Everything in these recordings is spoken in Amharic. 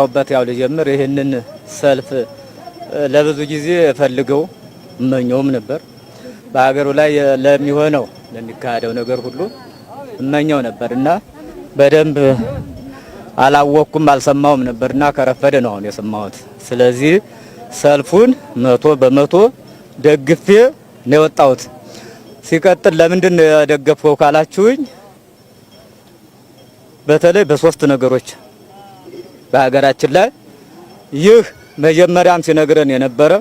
አውበት ያው ልጀምር ይህንን ሰልፍ ለብዙ ጊዜ ፈልገው እመኘውም ነበር። በሀገሩ ላይ ለሚሆነው ለሚካሄደው ነገር ሁሉ እመኘው ነበር እና በደንብ አላወቅኩም አልሰማውም ነበርና ከረፈደ ነው አሁን የሰማሁት። ስለዚህ ሰልፉን መቶ በመቶ ደግፌ ነው የወጣሁት። ሲቀጥል ለምንድን ነው የደገፍከው ካላችሁኝ፣ በተለይ በሶስት ነገሮች በሀገራችን ላይ ይህ መጀመሪያም ሲነግረን የነበረ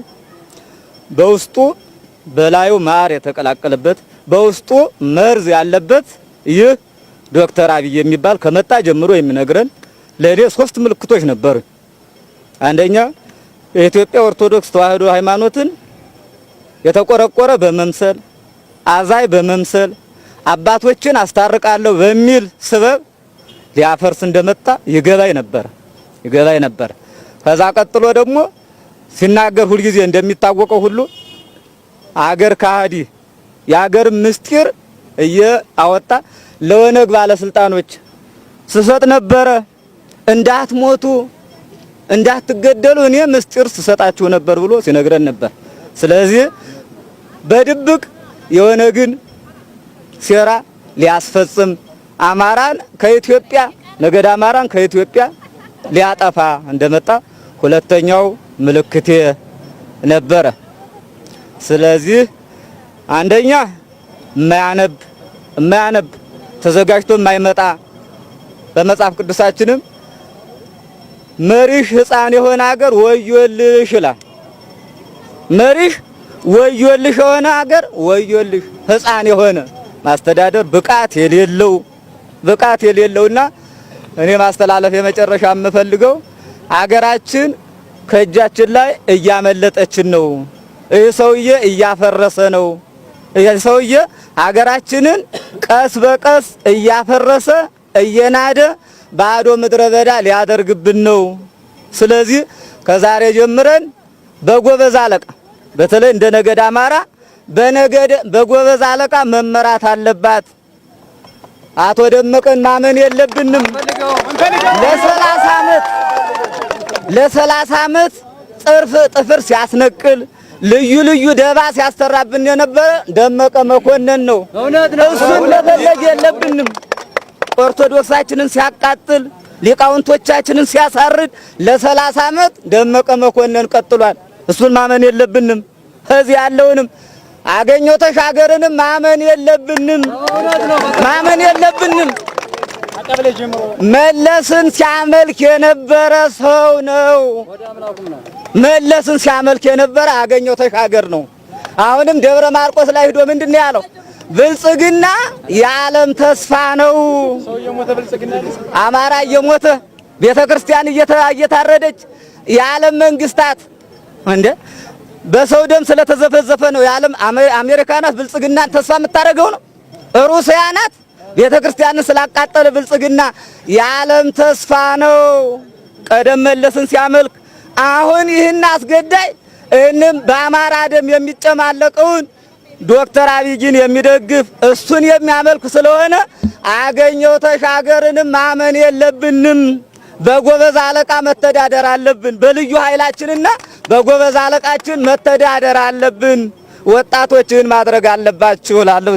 በውስጡ በላዩ ማር የተቀላቀለበት በውስጡ መርዝ ያለበት ይህ ዶክተር አብይ የሚባል ከመጣ ጀምሮ የሚነግረን ለእኔ ሶስት ምልክቶች ነበሩ። አንደኛ የኢትዮጵያ ኦርቶዶክስ ተዋሕዶ ሃይማኖትን የተቆረቆረ በመምሰል አዛይ በመምሰል አባቶችን አስታርቃለሁ በሚል ስበብ ሊያፈርስ እንደመጣ ይገባኝ ነበር። ይገባኝ ነበር። ከዛ ቀጥሎ ደግሞ ሲናገር ሁልጊዜ እንደሚታወቀው ሁሉ አገር ካህዲ የአገር ምስጢር እየአወጣ ለወነግ ባለስልጣኖች ስሰጥ ነበረ። እንዳትሞቱ እንዳትገደሉ እኔ ምስጢር ስሰጣችሁ ነበር ብሎ ሲነግረን ነበር። ስለዚህ በድብቅ የወነግን ሴራ ሊያስፈጽም አማራን ከኢትዮጵያ ነገድ አማራን ከኢትዮጵያ ሊያጠፋ እንደመጣ ሁለተኛው ምልክቴ ነበረ። ስለዚህ አንደኛ የማያነብ የማያነብ ተዘጋጅቶ የማይመጣ በመጽሐፍ ቅዱሳችንም መሪሽ ሕፃን የሆነ ሀገር ወዮልሽ ይላል። መሪሽ ወዮልሽ የሆነ ሀገር ወዮልሽ ሕፃን የሆነ ማስተዳደር ብቃት የሌለው ብቃት የሌለውና እኔ ማስተላለፍ የመጨረሻ የምፈልገው አገራችን ከእጃችን ላይ እያመለጠችን ነው። ይህ ሰውዬ እያፈረሰ ነው። ይህ ሰውዬ አገራችንን ቀስ በቀስ እያፈረሰ እየናደ ባዶ ምድረ በዳ ሊያደርግብን ነው። ስለዚህ ከዛሬ ጀምረን በጎበዝ አለቃ በተለይ እንደ ነገድ አማራ በነገድ በጎበዝ አለቃ መመራት አለባት። አቶ ደመቀን ማመን የለብንም። ለሰላሳ ዓመት ለሰላሳ ዓመት ጥርፍ ጥፍር ሲያስነቅል ልዩ ልዩ ደባ ሲያስተራብን የነበረ ደመቀ መኮንን ነው። እሱን መፈለግ የለብንም። ኦርቶዶክሳችንን ሲያቃጥል ሊቃውንቶቻችንን ሲያሳርድ ለሰላሳ ዓመት ደመቀ መኮንን ቀጥሏል። እሱን ማመን የለብንም። እዚህ ያለውንም አገኘተሽ ተሻገርንም ማመን የለብንም ማመን የለብንም። መለስን ሲያመልክ የነበረ ሰው ነው። መለስን ሲያመልክ የነበረ አገኘተሽ ሀገር ነው። አሁንም ደብረ ማርቆስ ላይ ሂዶ ምንድን ነው ያለው? ብልጽግና የዓለም ተስፋ ነው። አማራ እየሞተ ቤተ ክርስቲያን እየታረደች የዓለም መንግስታት እንደ በሰው ደም ስለተዘፈዘፈ ነው የዓለም አሜሪካ ናት ብልጽግናን ተስፋ የምታደርገው ነው። ሩሲያ ናት ቤተ ክርስቲያንን ስላቃጠለ ብልጽግና የዓለም ተስፋ ነው። ቀደም መለስን ሲያመልክ አሁን ይህን አስገዳይ እንም በአማራ ደም የሚጨማለቀውን ዶክተር አብይን የሚደግፍ እሱን የሚያመልክ ስለሆነ አገኘው ተሻገርንም ማመን የለብንም። በጎበዝ አለቃ መተዳደር አለብን በልዩ ኃይላችንና በጎበዝ አለቃችን መተዳደር አለብን። ወጣቶችን ማድረግ አለባችሁ እላለሁ።